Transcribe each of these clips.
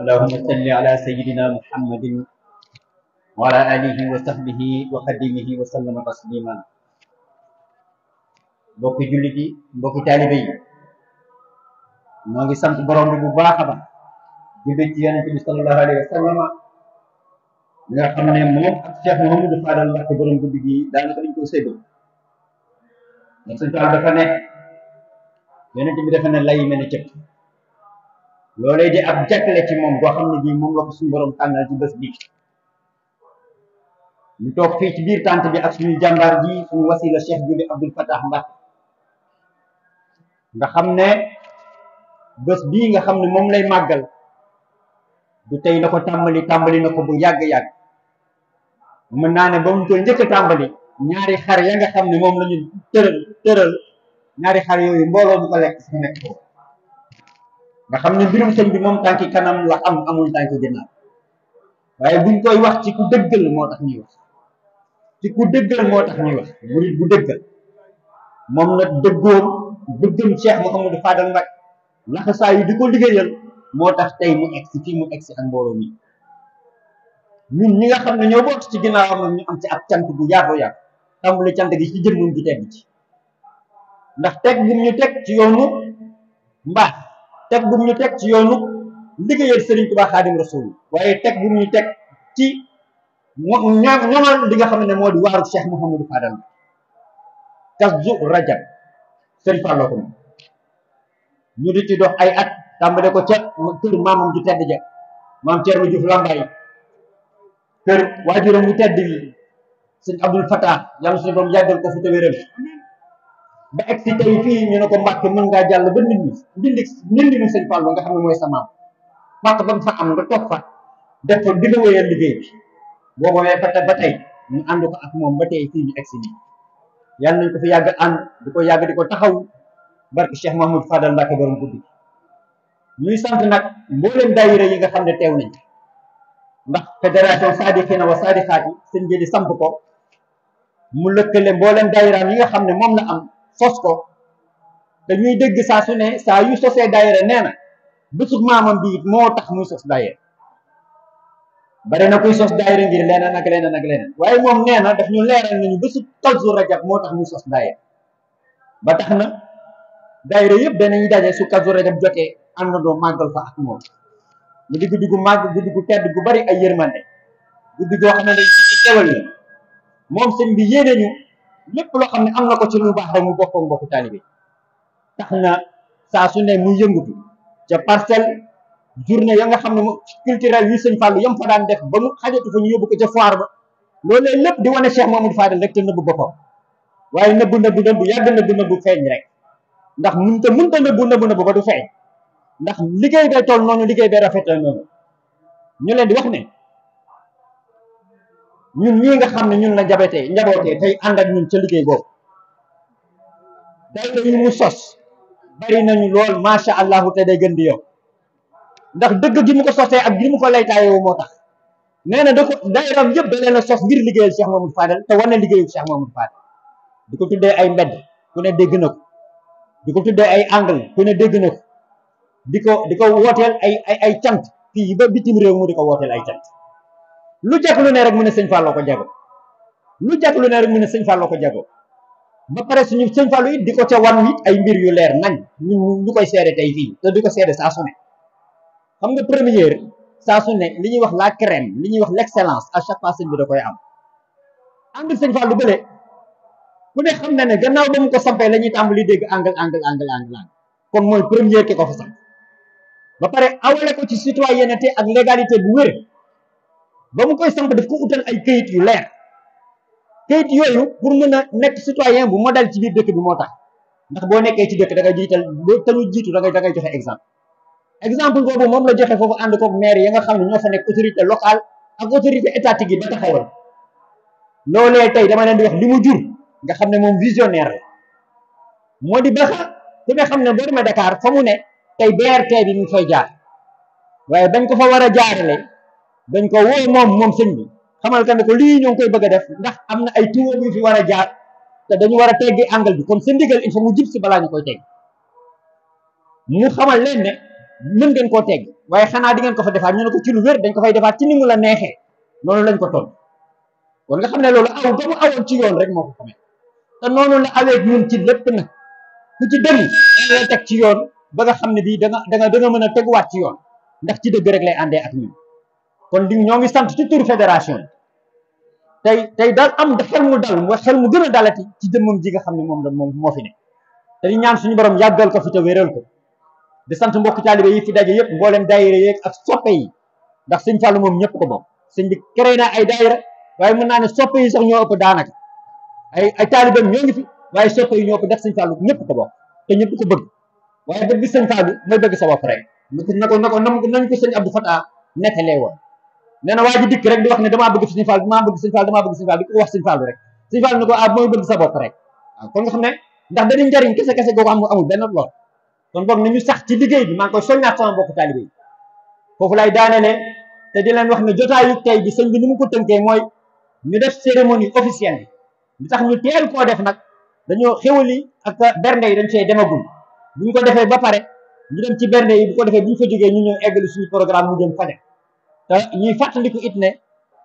اللهم صل على سيدنا محمد وعلى آله وصحبه وخدمه وسلم تسليما mbokki jullit yi mbokki taalibe yi ñoo ngi sant borom bi bu baax a baax jullit ci yonent bi sallallahu alayhi wa sallam mi nga xam ne moom ak Cheikh Mouhamadou Fadal Mbacké borom guddi gi daanaka dañ ko séddoo ndax suñu dafa ne yonent bi dafa ne lay mel ne cëpp loolee di ab jagle ci moom boo xam ne bii moom la ko suñu borom tànnal ci bés bi ñu toog fii ci biir tànt bi ak suñu jàmbaar ji suñu wasila Cheikh Juli Abdul Fatah Mbacké nga xam ne bés bii nga xam ne moom lay màggal du tey la ko tàmbali tàmbali na ko bu yàgg-yàgg mën naa ne ba mu ko njëkk tàmbali ñaari xar ya nga xam ne moom la ñu tëral ñaari xar yooyu mbooloo bu ko lekk si nekk nga xam ne mbirum sëñ bi moom tànki kanam la am amul tànki ginnaaw waaye buñ koy wax ci ku dëggal moo tax ñuy wax ci ku dëggal moo tax ñuy wax murid bu dëggal moom nag dëggoom bëggam Cheikh di ko liggéeyal moo tax tey mu egsi fii mu egsi ak mbooloo mi ñun ñi nga xam ne ñoo bokk ci ginnaawam nag ñu am ci ab cant bu yaatoo yaatu tàmbali cant gi ci jëmmum ju tedd ci ndax teg gum ñu teg ci yoonu mbaax teg gum ñu teg ci yoonu liggéeyal Serigne Touba Xaadim Rasul waaye teg gum ñu teg ci ñoom ñoŋal li nga xam ne moo di waaru Cheikh Mouhamadou Fadal Kazu Rajab Serigne Fallou ko ñu di ci dox ay at tàmbale ko ca kër maamam ju tedd ja maam Thierno Diouf Lambaye kër waajuram mu tedd bi sëñ Abdoul Fattah yàlla suñu doom yàggal ko fi te ba egg si tey fii ñu ne ko Mbàkke mën ngaa jàll ba ndindi ndindi ndindi mu sëñ Fall nga xam ne mooy sa maam ba mu am nga toog fa def fa di nga bi boo ko weesoo ba tey ñu ànd moom ba tey fii ñu egg si nii yàlla nañ ko ko yàgg di ko taxaw barke Cheikh Mahmoud Fadal Mbàkke sant nag mbooleem daayira yi nga xam ne teew nañ ndax fédération Saadixiina wa Saadixaat yi sëñ jëli samp ko mu lëkkale mbooleem daayira yi nga xam ne moom la am. sos ko dañuy dëgg saa su ne saa yu sosee daayira nee na bésub maamam bi it moo tax muy sos daayira bare na kuy sos daayira ngir leneen ak leneen ak leneen waaye moom nee na daf ñu leeral nañu bésub Kazu Rajab moo tax muy sos daayira ba tax na daayira yëpp danañuy daje su Kazu Rajab jotee àndandoo màggal fa ak moom mu di guddi màgg guddi gu tedd gu bari ay yërmande guddi goo xam ne dañ ci teewal moom sëñ bi yéene ñu lépp loo xam ne am na ko ci lu baax rek mu bokk ak mbokku taalibe tax na saa su ne mu yëngutu ca parcelle journée ya nga xam ne mu culturel yu sëñ Fallou yam fa daan def ba mu xajatu fa ñu yóbbu ko ca foire ba loolee lépp di wane Cheikh Mamadou Fadel rek te nëbb boppam waaye nëbb nëbb nëbb yàgg nëbb nëbb feeñ rek ndax mënta mënta nëbb nëbb nëbb ba du feeñ ndax liggéey bee toll noonu liggéey bee rafetal noonu ñu leen di wax ne ñun ñii nga xam ne ñun na njabootee njabootee tey ànd ak ñun ca liggéey boobu day yu mu sos bari nañu lool macha allahu te day gën di yow ndax dëgg gi mu ko sosee ak gi mu ko laytaayoo moo tax nee na da ko daayiraam yëpp da leen a sos ngir liggéeyal Cheikh Mamadou Fadel te wane liggéeyu Cheikh Mamadou Fadel di ko tuddee ay mbedd ku ne dégg ko di ko tuddee ay angle ku ne dégg na ko di ko di ko wooteel ay ay ay cant fii ba bitim réew mu di ko wooteel ay cant lu jekk lu ne rek mu ne sëñ Fallou ko jago lu jekk lu ne rek mu ne sëñ Fallou ko jago ba pare suñu sëñ Fallou it di ko ca wan it ay mbir yu leer nañ ñu ñu koy seede tey fii te di ko seede saa su ne xam nga première ne li ñuy wax la crème li ñuy wax l'excellence à chaque fois sëñ bi koy am angle sëñ Fallou bële ku ne xam na ne gannaaw ba mu ko sampee la ñuy tàmbali dégg angle angle angle angle kon mooy première ki ko fa samp ba pare awale ko ci citoyenneté ak légalité bu wér ba mu koy samp daf ko utal ay kayit yu leer kayit yooyu pour mën a nekk citoyen bu ma modèle ci biir dëkk bi moo tax ndax boo nekkee ci dëkk da jiital boo talu jiitu da ngay da ngay joxe exemple exemple moom la joxe foofu ànd koog maire ya nga xam ne ñoo fa nekk autorité locale ak autorité étatique yi ba taxawal loolee tey dama leen di wax li mu jur nga xam ne moom visionnaire la moo di baxa ku nga xam ne boo demee Dakar fa mu ne tey BRT yi mu fay jaar waaye bañ ko fa war a jaarale dañ ko wooy moom moom sëñ bi xamal ka ne ko lii ñoo ngi koy bëgg def ndax am na ay tuwa yu fi war a jaar te dañu war a teggi angle bi kon sa ndigal il faut mu jib si balaa ñu koy tegg mu xamal leen ne mën ngeen koo tegg waaye xanaa di ngeen ko fa defaat ñu ne ko ci lu wér dañ ko fay defaat ci ni ngi la neexee noonu lañ ko toll kon nga xam ne loolu aw ba mu awoon ci yoon rek moo ko xamee te noonu la awee ñun ci lépp na ku ci dem la teg ci yoon ba nga xam ne bii da nga da mën a teguwaat ci yoon ndax ci dëgg rek lay àndee ak ñun kon di ñoo ngi sant ci tur fédération yi tey tey daal am xel mu dal mooy xel mu gën a dalati ci jëmmam ji nga xam ne moom la moom moo fi ne te di ñaan suñu borom yàggal ko fi te wéral ko di sant mbokk taalibe yi fi daje yëpp mboolem daayira yeeg ak soppe yi ndax sëñ Fallou moom ñëpp ko bokk sëñ bi créé naa ay daayira waaye mën naa ne soppe yi sax ñoo ëpp daanaka ay ay taalibeem ñoo ngi fi waaye soppe yi ñoo ëpp ndax sëñ Fallou ñëpp ko bokk te ñëpp ko bëgg waaye bëgg sëñ Fallou na ko na ko na ko nañ ko sëñ Abdou woon nee na waa ji dikk rek di wax ne damaa bëgg Sëñ Fall damaa bëgg Sëñ Fall damaa bëgg Sëñ Fall di ko wax Sëñ Fall rek Sëñ Fall ne ko ah mooy bëgg sa bopp rek waaw ah, kon nga xam ne ndax dañuy njariñ kese kese googu am amul benn lool kon boog nañu sax ci liggéey bi maa ngi koy soññaat sama mbokk taalibe yi foofu lay daanele te di leen wax ne jotaayu tey bi sëñ bi ni mu ko tënkee mooy ñu def cérémonie officielle bi tax ñu teel koo def nag dañoo xewali ak bernde yi dañ fee demagul bu ñu ko defee ba pare ñu dem ci bernde yi bu ko defee bu ñu fa jógee ñu ñëw eggali suñu programme mu jëm faje te ñuy ku it ne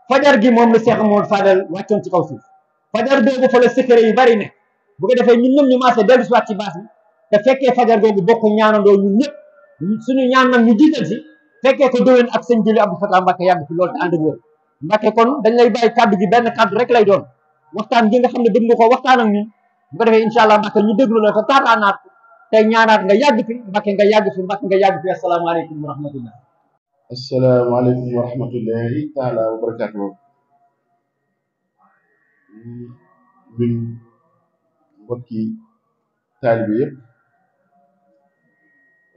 fajar gi moom la Cheikh Mouhamed Fadel wàccoon ci kaw suuf fajar googu fa la secret yu bari ne bu ko defee ñun ñëpp ñu maase dellu si waat ci baas bi te fekkee fajar googu bokk ñaanandoo ñun ñëpp suñu ñaan nag ñu jiital si fekkee ko déwén ak sëñ Jili Abdou Fatah Mbacke yàgg fi loolu te ànd ak wér Mbacke kon dañ lay bàyyi kàddu gi benn kàddu rek lay doon waxtaan gi nga xam ne bëgg nga ko waxtaan ak ñun bu ko defee incha allah Mbacke ñu déglu la te taataanaat tey ñaanaat nga yàgg fi Mbacke nga yàgg fi Mbacke nga yàgg fi asalaamaaleykum wa rahmatullah asalaamaaleykum wa rahmatullahi taala wa barakatuh min mbokki taalibe yëpp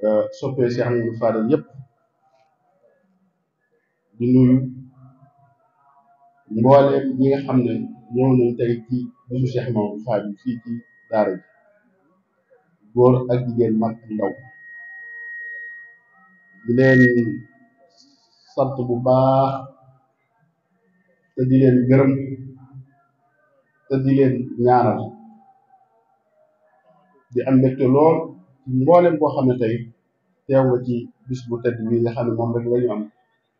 euh, soppee Cheikh Amadou Fadal yëpp di nuyu mbooleem ñi nga xam ne ñëw nañ tey ci bisu Cheikh Amadou Fadal fii ci daara ji góor ak jigéen mag ndaw di leen sant bu baax te di leen gërëm te di leen ñaanal di am mbégte lool mboolem boo xam ne tey teew nga ci bis bu tedd bi nga xam ne moom rek la ñu am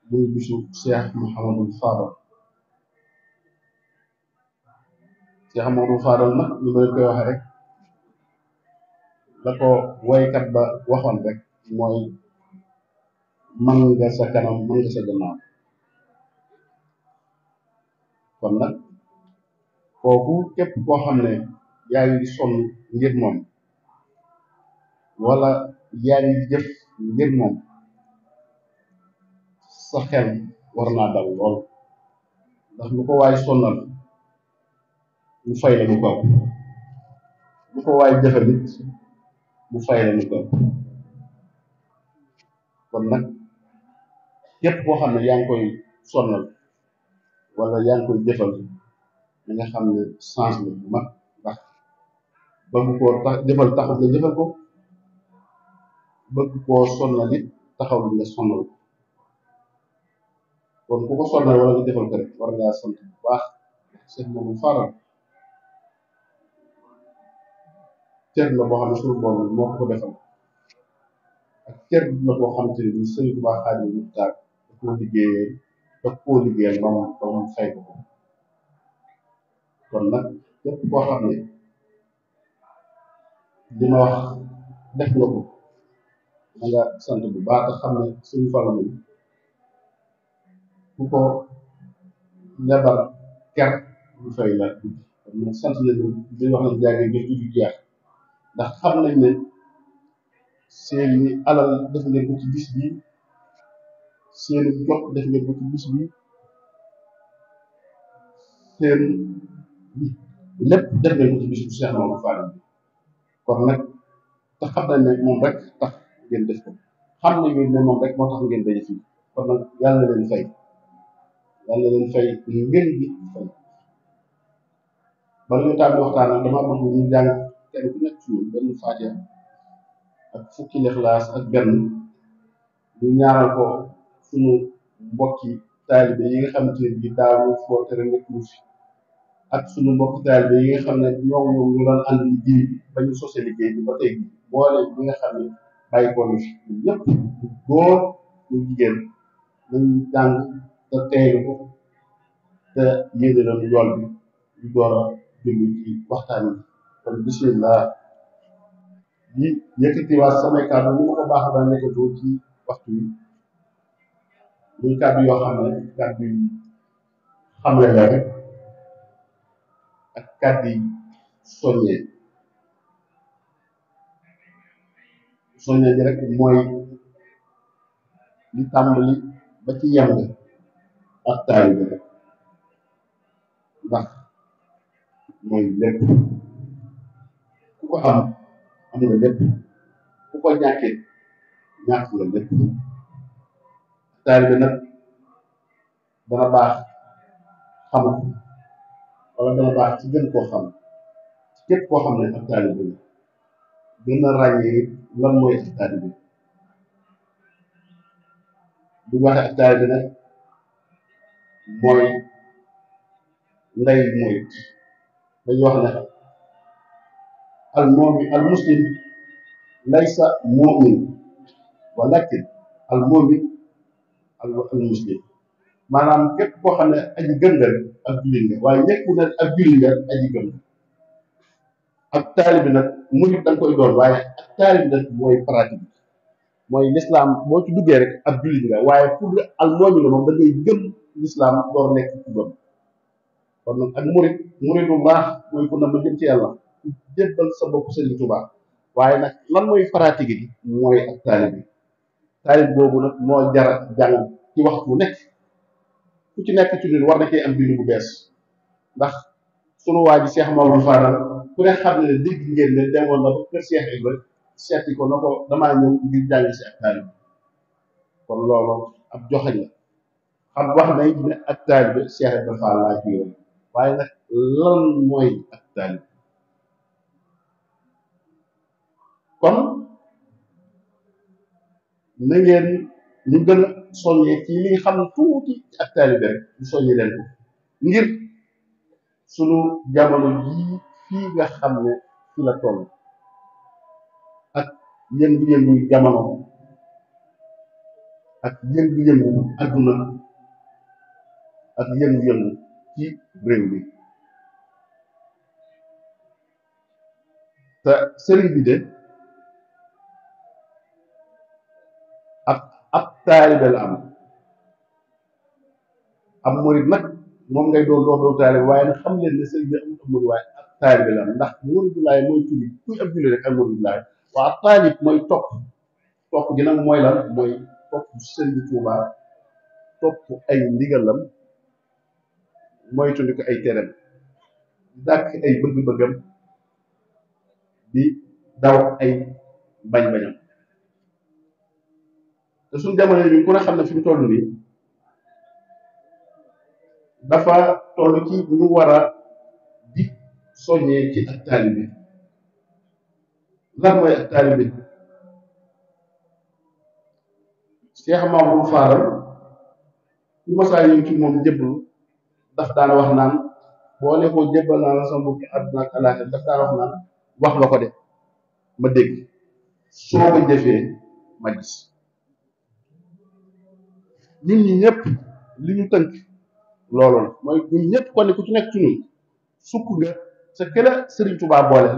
muy bisu Cheikh Mouhamadou Fadal Cheikh Mouhamadou Fadal nag ñu ma koy waxe rek la ko waykat ba waxoon rek mooy man nga sa kanam man nga sa gannaaw kon nag kooku képp koo xam ne yaa ngi sonn ngir moom wala yaa ngi jëf ngir moom sa xel war naa dal lool ndax lu ko waay sonnal mu fay la lu lu ko waay jëfal it mu fay la lu kon nag képp koo xam ne yaa ngi koy sonnal wala yaa ngi koy jëfal da nga xam ne change la bu mag ndax bëgg koo tax jëfal ko bëgg koo sonnal it taxaw nga sonnal ko kon ku ko sonnal wala nga jëfal ko rek war ngaa sant bu baax sëñ moomu faral cër la boo xam ne suñu moo ko ko defal ak cër la boo xam te ni sëñ Tuubaa Xaadimu Muxtaar koo liggéeyee koo liggéeyal ba mu ba mu fay ko kon nag képp koo xam ne li wax def nga ko na nga sant bu baax te xam ne suñu falo mi ku ko lebal ker du fay laaj guddi kon nag sant nañu li wax ne jaage ngir guddi jeex ndax xam nañ ne seen alal def ngeen ko ci bis bii seenu jot def ngeen ko ci bis bi seen lépp def ngeen ko ci bis bi Cheikh Mamadou Fall kon nag te xam nañ moom rek tax ngeen def ko xam nañ ne moom rek moo tax ngeen daje fii nag yàlla na leen fay yàlla na leen fay ngeen gi fay bala ñu ñu jàng kenn ku nekk ci ñun benn ak fukki lexlaas ak benn ñu ñaaral ko suñu mbokki taalibe yi nga xamante ne bii daawu footere nekk ñu fi ak suñu mbokki taalibe yi nga xam ne ñoom ñoom ñu doon ànd liggéey bi ba ñu sose liggéey bi tey bi nga xam ne bàyyi ko ñu jigéen nañu jàng te teylu ko te yéene nañu yool bi door a jëm ci waxtaan yi kon bismillah yi yëkkatiwaat samay kàddu ni ma ko baax daan nekkatoo ci waxtu yi muy kàddu yoo xam ne kàddu la rek ak kàddu yi soññee soññee ji rek mooy li tàmbali ba ci yem ak taalibe rek ndax mooy lépp ku ko am am nga lépp ku ko ñàkkee ñàkk nga lépp taalibe nag dana baax xam ko dana baax ci gën koo xam képp koo xam ne ak taalibe la gën a ràññee lan mooy ak taalibe bu nag mooy nday murit dañu wax ne al mu'min al muslim laysa mu'min walakin al al muslim maanaam képp koo xam ne aji gëm nga bi ab jullit nga waaye nekkul nag murid da nga koy doon waaye ak taalibi nag mooy pratique mooy lislaam boo ci duggee rek ab jullit waaye pour al moomi la moom da ngay gëm lislaam door nag ma jëm ci yàlla jébbal sa bopp waaye nag lan mooy pratique bi mooy ak taalibi taarif boobu nag moo jara jàng ci waxtu bu nekk ku ci nekk ci ñun war na cee am bindu bu bees ndax sunu waa ji Cheikh Maodo Fadal ku ne ko na ko damaa ñëw ngir jàng si kon loolu ab joxañ la xam wax na it ne ak taarif bi Cheikh Ibra Fall laa ci waaye nag lan mooy ak taarif kon na ngeen ñu gën a soññee ci li xam tuuti ak taalibe rek ñu leen ko ngir sunu jamono jii fii nga xam ne fi la toll ak yëngu-yëngu jamono ak yëngu-yëngu adduna ak yëngu-yëngu ci réew bi te sëriñ bi de taalibe la am am murit nag moom ngay doon doon doon taalibe waaye nag xam leen ne sëñ bi amul am murit waaye ab taalibe am ndax muridulaay mooy tudd kuy ab julli rek ak muridulaay waa taalib mooy topp topp gi nag mooy lan mooy topp sëñ bi Tuuba topp ay ndigalam moytu ni ko ay tereem dàkk ay bëgg-bëggam di daw ay bañ-bañam te suñ jamono bi ku ne xam ne fi mu nii dafa toll ci ñu war a di soññee ci ak taalibe lan mooy ak taalibe Cheikh Mamadou Faaral ñu masaa yi ci moom jëblu daf daan wax naan boo ne ko jëbbal naa la sa mbokki àdduna daf daan wax naan wax la ko de ma dégg soo ko jëfee ma gis nit ñi ñëpp li ñu tënk loolu mooy ñun ñëpp kon ku ci nekk ci ñun sukk nga sa këla Serigne Touba boole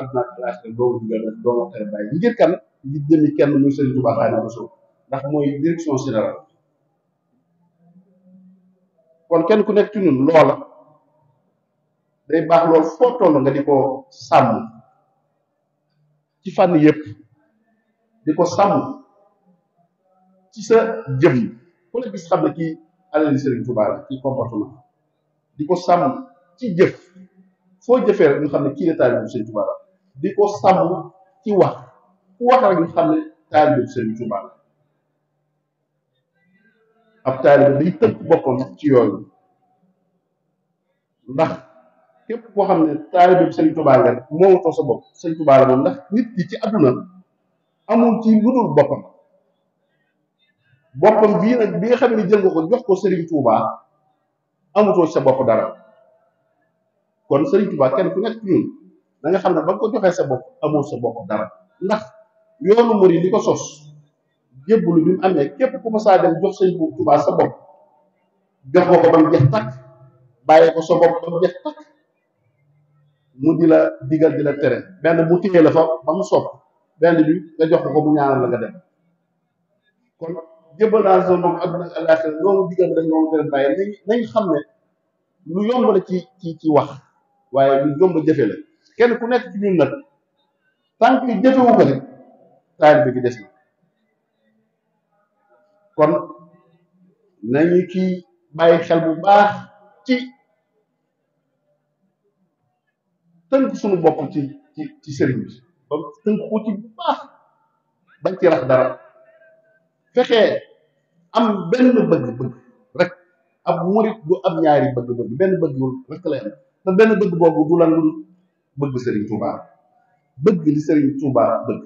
ak laaj te doo kenn muy Serigne Touba xaay na ndax mooy direction générale kon kenn ku nekk ci ñun loola day baax lool foo toll nga di ko sàmm ci fànn yëpp di ko sàmm. ci sa jëf yi ku la gis xam ne kii alali Serigne Touba la ci comportement di ko sàmm ci jëf foo jëfee rek ñu xam ne kii la taalibe bu Serigne di ko sàmm ci wax ku wax xam ne taalibe bu Serigne Touba la ab taalibe day tënk boppam ci yooyu ndax képp koo xam ne taalibe bu Serigne Touba la rek moomatoo sa bopp Serigne Touba la moom ndax nit ki ci àdduna amul ci lu dul boppam. boppam bii nag bi nga xam ne jël nga ko jox ko Serigne Touba amutoo sa bopp dara kon Serigne Touba kenn ku nekk ñun da nga xam ne ba nga ko joxee sa bopp amoo sa bopp dara ndax yoonu murid li ko sos jébbalu bi mu amee képp ku ma saa dem jox Serigne Touba sa bopp jox ko ko ba mu jeex takk bàyyi ko sa bopp ba mu jeex takk mu di la digal di la tere benn mu téye la fa ba mu sopp benn bi nga jox ko ko mu ñaanal la nga dem jëbal naa sa moom àdduna ak loolu digal nañ xam ne lu yomb la ci ci ci wax waaye lu yomb jëfe la kenn ku nekk ci ñun nag tànk yi jëfewu ko rek taal bàyyi xel bu baax ci tënk suñu ci ci ci sëriñ bi ko ci bu baax bañ ci rax dara fexe am benn bëgg-bëgg rek ab murit du am ñaari bëgg-bëgg benn bëggul rek lay am te benn bëgg boobu du lan lu bëgg Serigne Touba bëgg li Serigne Touba bëgg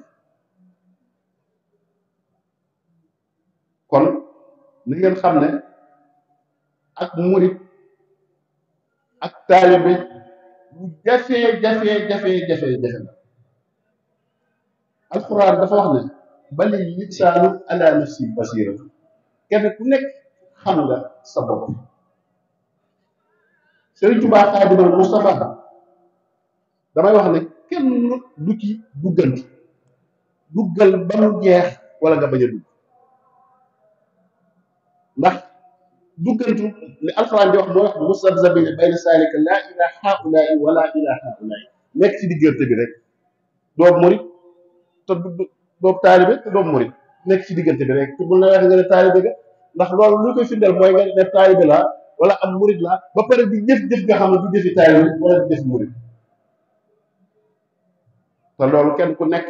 kon ni ngeen xam ne ak murit ak taalibe bu jafee jafee jafee jafee jafe la alxuraan dafa wax ne bali lisaanu ala nafsi basiratu kenn ku nekk xam nga sa bopp Sëriñ Tuubaa Xaadimal Mustafa damay wax ne kenn du ci dugganti duggal ba mu jeex wala nga bañ a dugg ndax duggantu li alxuraan di wax mooy wax musabzabina bayna saalika laa ilaa haa'ulaa'i wala ilaa haa'ulaa'i nekk ci diggante bi rek doob murit te du doob te doob murit nekk ci diggante bi rek bu la waxee nga ne taalibe ndax loolu lu koy firndeel mooy nga ne taalibe laa wala am murid laa ba pare di jëf-jëf nga xam ne du jëfi taalibe wala di jëf te loolu kenn ku nekk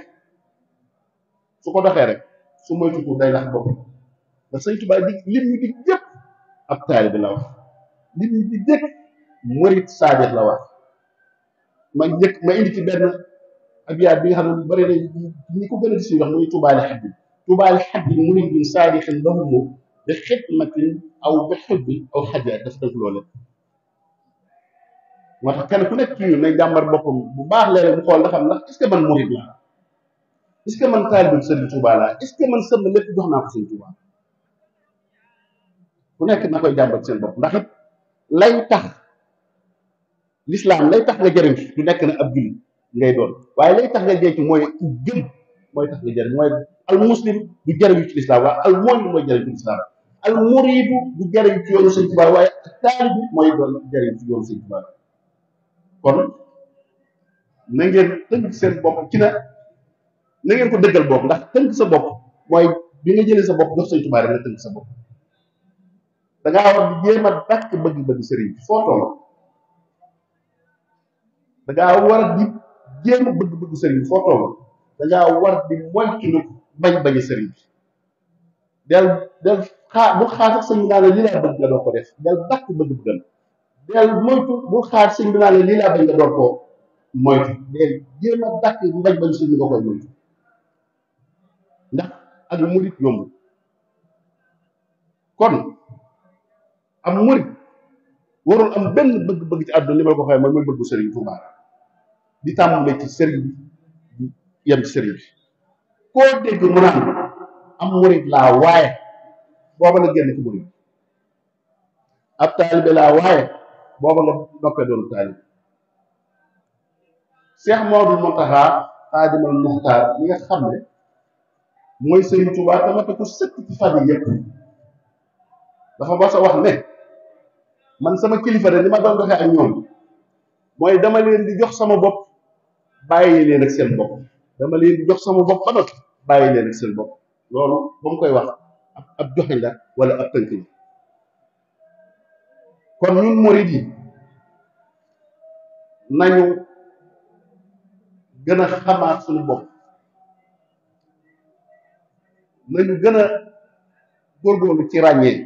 su ko doxee rek su moytu day lax bopp da Sëñ Tuubaa di lim ñu di jëpp ab taalibe la wax lim ñu di jëkk murid saadiq la wax ma njëkk ma indi ci benn abiyaat bi nga xam ne bari na ñi ko gën a di suy wax muy tuubaale xabib tubaal xabbi muridin saadixin lahumu bi xidmatin aw bi xubbi aw xaja daf tënk loole moo tax kenn ku nekk ci ñun jàmbar boppam bu baax léeg xool nga xam ndax est-ce que man murid laa est-ce que man taalibu Sëriñ Tuubaa nekk na koy jàmbar seen bopp ndax it lay tax lislaam lay tax nga jëriñ du nekk na ab jullit ngay doon waaye lay tax nga jëriñ ci mooy gëm mooy tax nga jëriñ mooy al muslim du jëriñu ci lislaam waaye al mu'min mooy jëriñ ci lislaam al muridu du jëriñ ci yoonu sëñ Tuubaa waaye taalibi mooy doon jëriñ ci yoonu sëñ Tuubaa kon na ngeen tënk seen bopp ci na na ngeen ko dëggal bopp ndax tënk sa bopp mooy bi nga jëlee sa bopp jox sëñ Tuubaa rek nga tënk sa bopp da ngaa war di jéem a dàkk bëgg-bëgg sëriñ bi foo toll da ngaa war di jéem a bëgg-bëgg sëriñ bi foo toll dangaa war di moytunu bañ bañ sëriñ bi del del xaar bu xaar sax sëñ bi naa la lii laa bëgg nga doon ko def del bàkk bëgg-bëggam del moytu bu xaar sëñ bi naa la lii laa bañ nga doon ko moytu del jéem a bàkk bañ bañ sëñ bi nga koy moytu ndax ak murit yombul kon am murit warul am benn bëgg-bëgg ci àdduna li ma ko xoolee mooy mooy bëggu sëriñ Tuubaa di tàmbale ci sëriñ yem ci sëriñ bi koo dégg mu naan am murit laa waaye booba la génn ci murit ab taalibe laa waaye Xaadimal Muxtaar li nga xam ne mooy Sëriñ Tuubaa tamate ko sëkk ci fan yëpp dafa mas a wax ne man sama kilifa de li ma doon doxee ak ñoom mooy dama leen di jox sama bopp bàyyi leen ak seen bopp dama leen jox sama bopp ba noppi bàyyi leen seen bopp loolu ba mu koy wax ab ab la wala ab tënk la kon ñun murid yi nañu gën a xamaat suñu bopp nañu gën a góorgóorlu ci ràññee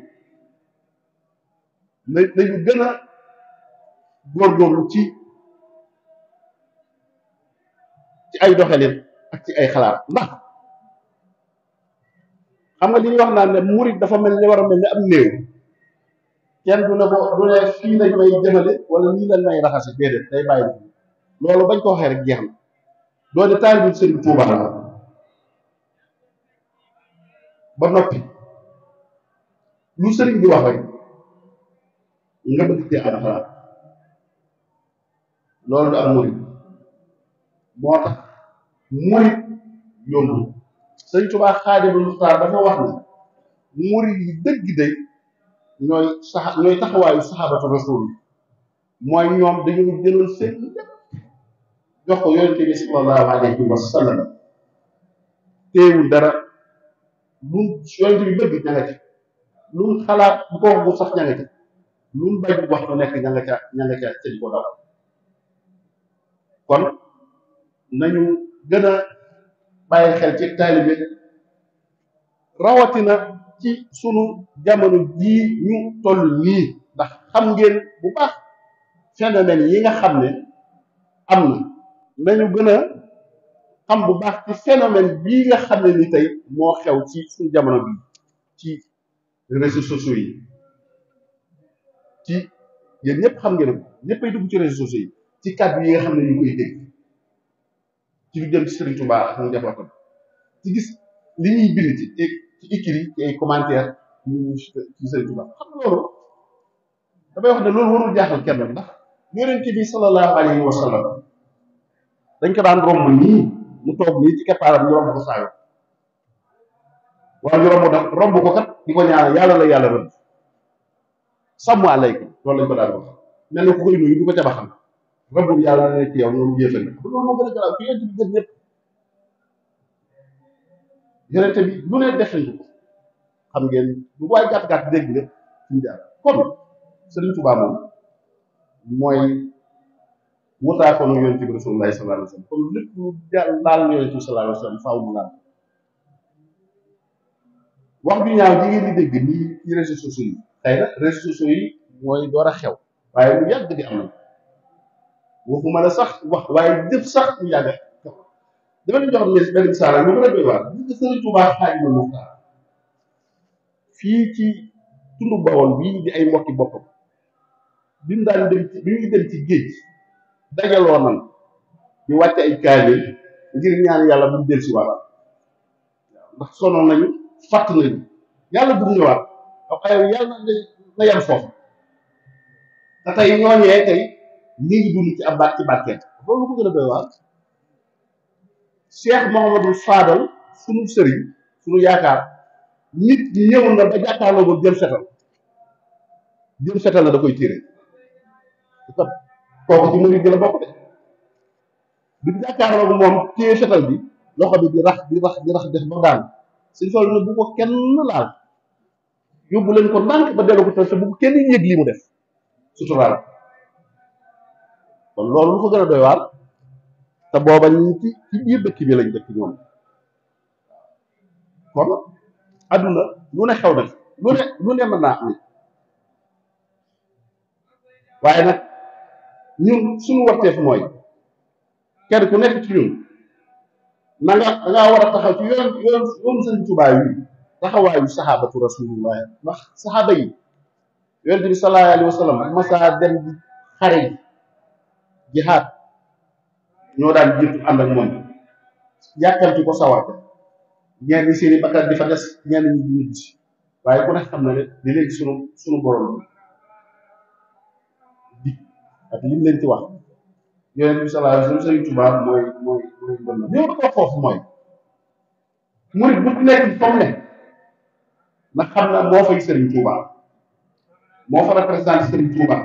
na nañu gën a góorgóorlu ci ci ay doxalin ak ci ay xalaat ndax xam nga li ñuy wax naan ne murit dafa mel ni war a mel ni am néew kenn du ne ko du ne fii lañ may jëmale wala nii lañ may raxase déedéet day bàyyi loolu bañ ko waxee jeex na doone taal ba noppi lu sëriñ bi wax rek nga bëgg cee am xalaat loolu du am murit moo tax murit yombul sëñ Tuubaa Xaadimu Muxtaar dafa wax ne murit yi dëgg day ñooy sax ñooy taxawaayu saxaabatu rasul mooy ñoom dañu jëloon seen lépp jox ko yonente bi sallallahu lu yonente xalaat bu ko wax bu sax ña nga ca lu bañ wax lu nekk ña nga ca sëñ ko dara kon nañu gën a bàyyi xel ci taalibe rawatina ci sunu jamono jii ñu toll nii ndax xam ngeen bu baax phénomène yi nga xam ne am na nañu gën a xam bu baax ci phénomène bii nga xam ne ni tey moo xew ci suñu jamono bi ci réseaux sociaux yi ci yéen ñëpp xam ngeen ñëppay dugg ci réseaux sociaux yi ci kàddu yi nga xam ne ñu koy dégg ci lu jëm ci Serigne ci gis li ñuy bind ci ci écrit ci ay commentaire ci Serigne Touba xam nga loolu damay wax ne loolu warul jaaxal kenn ndax yonent bi sallallahu alayhi dañ ko daan romb nii mu toog nii ci keppaaram ñu romb ko saa yoo wala ñu romb nag romb ko kat di ko ñaanal yàlla la yàlla rëdd sàmm aleykum loolu lañ ko daan wax mel na ku koy nuyu du ko ca xam nga yàlla ne ci yow ñoom yéefal a garaaw bi def def nañu ko xam ngeen lu dégg moom mooy wutaakoonu yonent bi Rasulullaahi laal na yonent bi sallallaahu alayhi wa sallam faaw mu laal wax bi ñaaw ji ngeen di dégg nii ci réseaux sociaux yi mooy door a xew waaye lu yàgg di am na waxuma la sax wax waaye def sax ñu yàgg dama leen jox benn misaal la ñu gën a doy waar gis nga Sëriñ Tuubaa fii ci tundu Bawol bii di ay mbokki boppam bi mu daan dem bi muy dem ci géej dajaloo nan di wàcce ay kaamil ngir ñaan yàlla bu mu dellusi waat waaw ndax sonoon nañu fàtt nañu yàlla bugg ñëwaat wax yàlla na yem foofu te tey ñooñee tey ñi ngi dund ci ab baat ci barkeet loolu ko gën a doy waar Cheikh Mouhamadou Fadal sunu sëriñ sunu yaakaar nit ñëw na ba jàkkaarloo ba jël setal jël setal na da koy tiire kooku ci murid gi la bokk de du jàkkaarloo moom téye setal bi loxo bi di rax di rax di rax def ba daan suñ fal ne bu ko kenn laal yóbbu leen ko ndànk ba dellu ko te bu ko kenn yëg lii mu def suturaal kon loolu lu ko gën a doy te booba ñu ci biir dëkk bi lañ dëkk ñoom kon adduna lu ne xew na lu ne lu ne mën naa am waaye nag ñun suñu warteef mooy kenn ku nekk ci ñun na nga war a taxaw ci yoon yoon yoon sëñ Tuubaa yi taxawaayu saxaabatu rasulullah ndax saxaaba yi yonent bi sallallahu alayhi wa sallam masaa dem xare yi jihaad ñoo daan jiitu ànd ak moom yàkkamti ko sawar ñenn ñi seen i bakkan di fa des ñenn ñi di ñibbi waaye ku ne xam na ne li léegi sunu sunu borom bi ak lim leen wax yonent bi sallallahu alayhi wa sallam Sëriñ mooy mooy mooy mbënd li ma ko foofu mooy mu ne na xam na moo fay Sëriñ Tuubaa moo fa représenté Sëriñ Tuubaa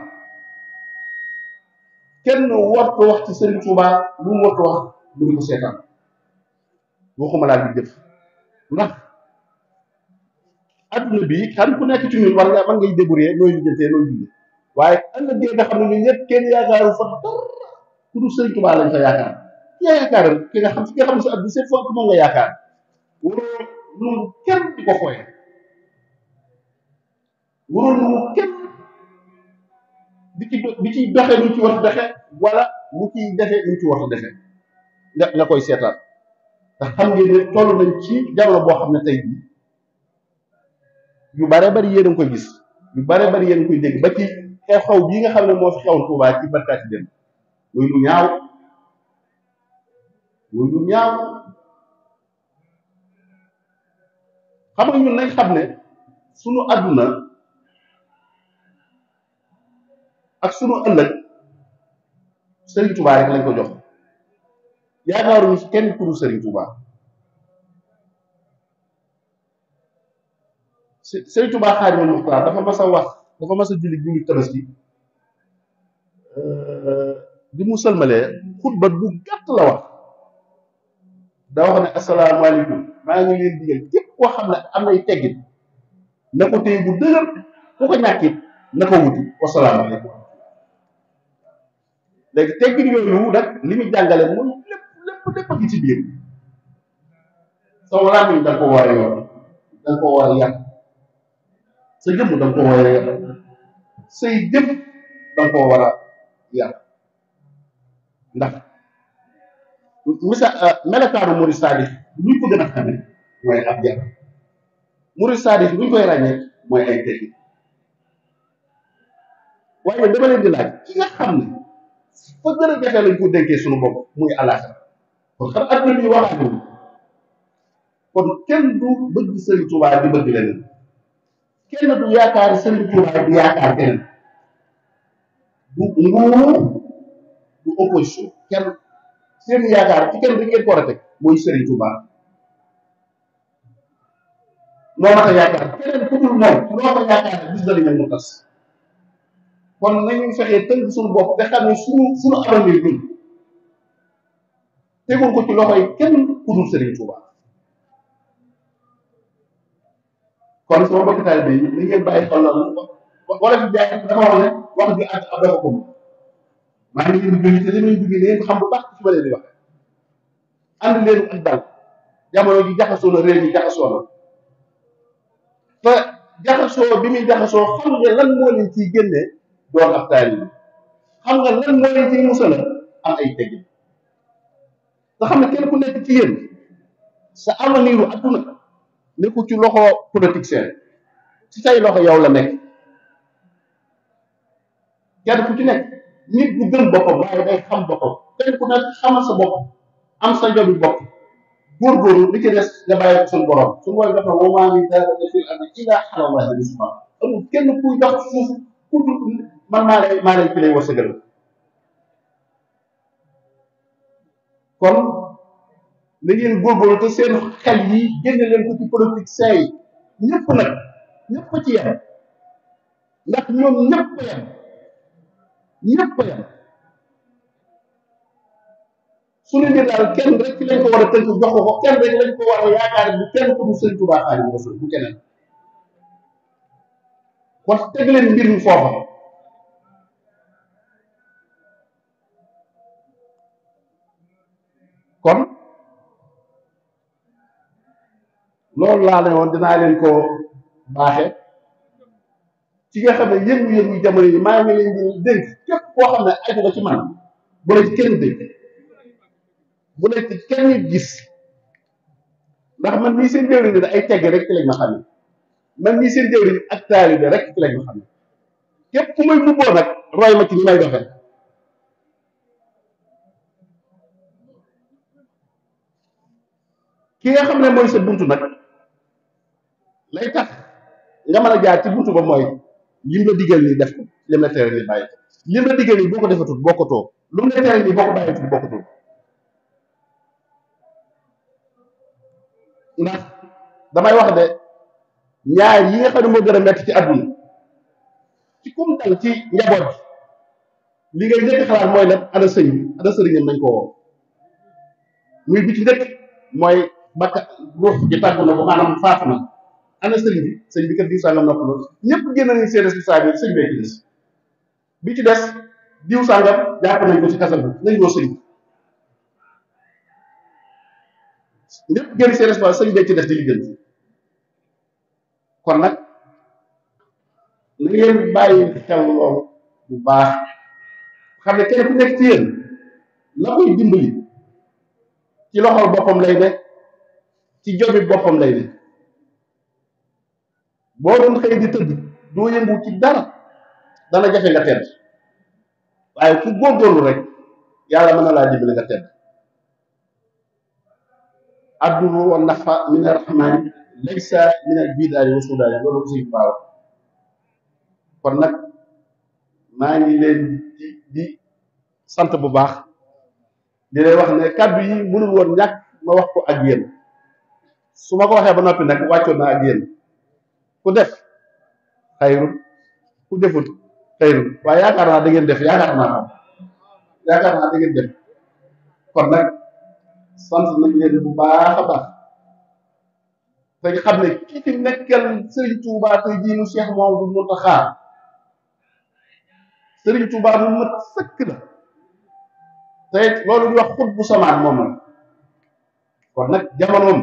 kenn wartu wax ci Sëriñ Tuubaa lu mu wartu wax lu mu seetaan waxuma laa di def ndax adduna bii kan ku nekk ci ñun war nga man ngay débrouiller nooy lijjantee nooy dundee waaye ëllëgee nga xam ne ñun ñëpp kenn yaakaaru sax dara ku dul Sëriñ Tuubaa lañ fa yaakaar yaa yaakaar ki nga xam si nga xam ne sa adduna foofu moom nga yaakaar waroo loolu kenn di ko xooyee waroo loolu kenn bi ci di nu doxe ci war doxe wala mu ciy defe lu ci war defe nga nga koy seetaat ndax xam ngeen ne nañ ci jamono boo xam ne tey jii yu bare bari yéen a ngi koy gis yu bare bari yéen a koy dégg ba ci xew bii nga xam ne moo fi xewoon Tuubaa ci barkaati dem muy lu ñaaw muy lu ñaaw xam nga ñun nañ xam ne sunu àdduna ak sunu ëllëg Serigne Touba rek lañ ko jox yaakaaruñu kenn ku dul Serigne Touba Serigne Touba Xaadimal Muxtaar dafa mas a wax dafa mas a julli julli tabaski bi euh, mu sëlmalee xutba bu gàtt la wax daa wax ne asalaamaaleykum maa ngi leen digal képp koo xam ne am nay teggit na ko téye bu dëgër ku ko ñàkkit na ko wuti wasalaamaaleykum léegi teggin yooyu nag li muy jàngale mooy lépp lépp lépp a ngi ci biir sama làmmiñ da nga ko war a yor da nga ko war a yàq sa jëmm da ko war a yàq ndax misa euh, melokaanu murid sadiq luñ ko gën a xamee mooy ab yàq murid sadiq luñ koy ràññee mooy ay teggin waaye dama leen di laaj ki nga xam ne fa gën a jafe lañ ko dénkee suñu bopp muy àllaaxira kon xam kenn du bëgg Serigne Touba di bëgg leneen kenn du yaakaar Serigne Touba di yaakaar keneen du nguur du opposition kenn seen yaakaar kenn ku dul moom yaakaar gis nga li ngeen mu tas. kon nañu fexee tënk suñu bopp nga xam ne suñu suñu alal lay dund tegul ko ci loxoy kenn ku dul Serigne Touba kon sama mbokk taalibe yi ni ngeen bàyyi xel loolu wala fi jaay dafa wax ne wax ju àgg ab dafa maa ngi leen di te li muy dund ngeen xam bu baax ci ma leen di wax ànd leen ak dal jamono ji jaxasoo na réew mi jaxasoo na te jaxasoo bi muy jaxasoo xam nga lan moo leen ciy génnee. doon ab taalibe xam nga lan moo leen ciy musala am ay teggin nga xam ne kenn ku nekk ci yéen sa amaniiru adduna nekku ci loxo politicien ci say loxo yow la nekk kenn ku ci nekk nit bu gëm boppam waaye day xam boppam kenn ku nekk xamal sa bopp am sa njabi bopp góorgóorlu li ci des nga bàyyi ko suñu borom su mooy dafa wa maa min daabbatin fil ardi illaa alaa llaahi rizquhaa amul kenn kuy dox suuf man maa lay maa lay ki lay wërsëgal kon na ngeen góorgóorlu te seen xel yi génne leen ko ci politique saa yi ñépp nag ñëpp ci yem ndax ñoom ñëpp yem ñëpp yem su ne nii daal kenn rek ci ko war a tënk jox ko kenn rek lañ ko war a yaakaar bu kenn ku dul Sëriñ Tuubaa Xaadimu Rasuul bu keneen kon teg leen mbir mi foofa. kon loolu laa ne woon dinaa leen ko baaxe ci nga xam ne yëngu-yëngu jamono yi maa ngi leen di dénk képp koo xam ne aju nga ci man bu la ci kenn dégg bu la ci kenn gis ndax man mii seen jëwriñ ne ay tegg rek ci lañ ma xam ne man mii seen jëwriñ ak taalibe rek ci lañ ma xam ne képp ku may bubboo nag roy ma ci ni may doxee ki nga xam ne mooy sa buntu nag lay tax nga mën a jaar ci buntu ba mooy lim la digal nii def ko lim la tere nii bàyyi ko lim la digal nii boo ko defatul bokkatoo lu mu la tere nii boo ko bàyyitul bokkatoo ndax damay wax de ñaar yi nga xam ne moo gën a metti ci àdduna ci kum dal ci njaboot li ngay njëkk xalaat mooy nag ana sëñ ana sëriñam nañ ko woo muy bi ci mooy ba ka ruuf gi tàggu na ko maanaam faatu na ana sëriñ bi sëñ bi kat diw sàngam nopp loolu ñëpp génn nañu seen responsabilité bi ci des diw sàngam jàpp nañ ko ci kasam bi nañ woo sëñ ñëpp génn seen responsabilité sëñ bee ci des di liggéey kon nag na ngeen bàyyi xel loolu bu baax xam ne kenn ku nekk ci yéen la koy dimbali ci loxol boppam lay nekk ci jomi boppam lay ne boo doon xëy di tëdd doo yëngu ci dara dana jafe nga tedd waaye ku góorgóorlu rek yàlla mën na laa dimbali nga tedd adduru wa nafa min arrahmani laysa min al bidaari wa sudaari loolu ko suñu baaw kon nag maa ngi leen di di sant bu baax di leen wax ne kàddu yi mënul woon ñàkk ma wax ko ak yéen su ma ko waxee ba noppi nag wàccoon naa ak yéen ku def xayrul ku defut xayrul waaye yaakaar naa da ngeen def yaakaar naa xam yaakaar naa da ngeen def kon nag sant nañ leen bu baax a baax dañ xam ne kii fi nekkal Serigne Touba tey jii mu Cheikh Mouhamadou Mountakha Serigne Touba mu mat sëkk la te loolu di wax xut bu samaan moom la kon nag jamonoom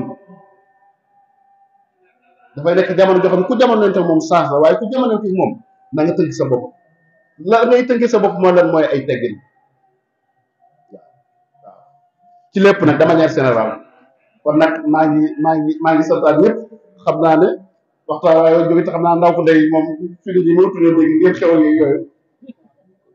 dafay nekk jamono joo xam ne ku jamonante moom saas la waaye ku jamonante moom na nga tënk sa bopp la ngay tënkee sa bopp moo lan mooy ay teggin waaw ci lépp nag de manière générale kon nag maa ngi maa ngi maa ngi santaan ñëpp xam naa ne waxtaan waaye jóge te xam naa ndaw ko day moom fi ni ñi ma utune ngeen xew yooyu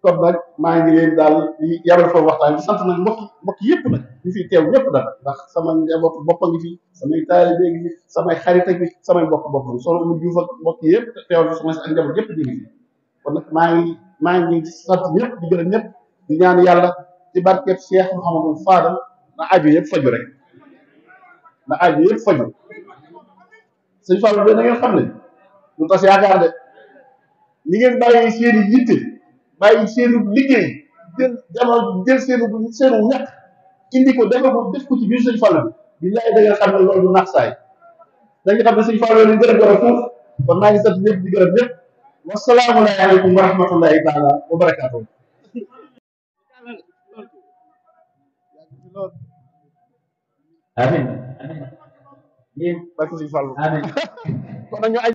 comme nag maa ngi leen daal di yabal foofu waxtaan bi sant nag mbokk mbokk yëpp nag ñu fi teew ñëpp nag ndax sama njabootu bopp ngi fi samay taalibe ngi fi samay xarit ak samay mbokk bopp solo mu juuf ak mbokk yëpp teew bi soxna si ak njaboot yëpp ñu ngi fi kon nag maa ngi maa ngi sant ñëpp di gërëm ñëpp di ñaan yàlla ci barkeb Cheikh Mouhamadou Fadal na aju yëpp faju rek na aju yëpp faju sëñ Fallou bi na ngeen xam ne lu tas yaakaar de ni ngeen bàyyi seen i yitte bàyyi seenu liggéey jël jamal bu seenu seenu ñàkk indi ko defe ko def ko ci biir sëñ Fallu bi billaay da nga xam ne loolu du nax saay dañu xam ne sëñ Fallu lañ gën a joxe foofu kon naa ngi sant ñëpp di gërëm ñëpp wasalaamu aleykum wa rahmatullahi taala wa barakaatu amiin amiin yéen bakk sëñ Fallu amiin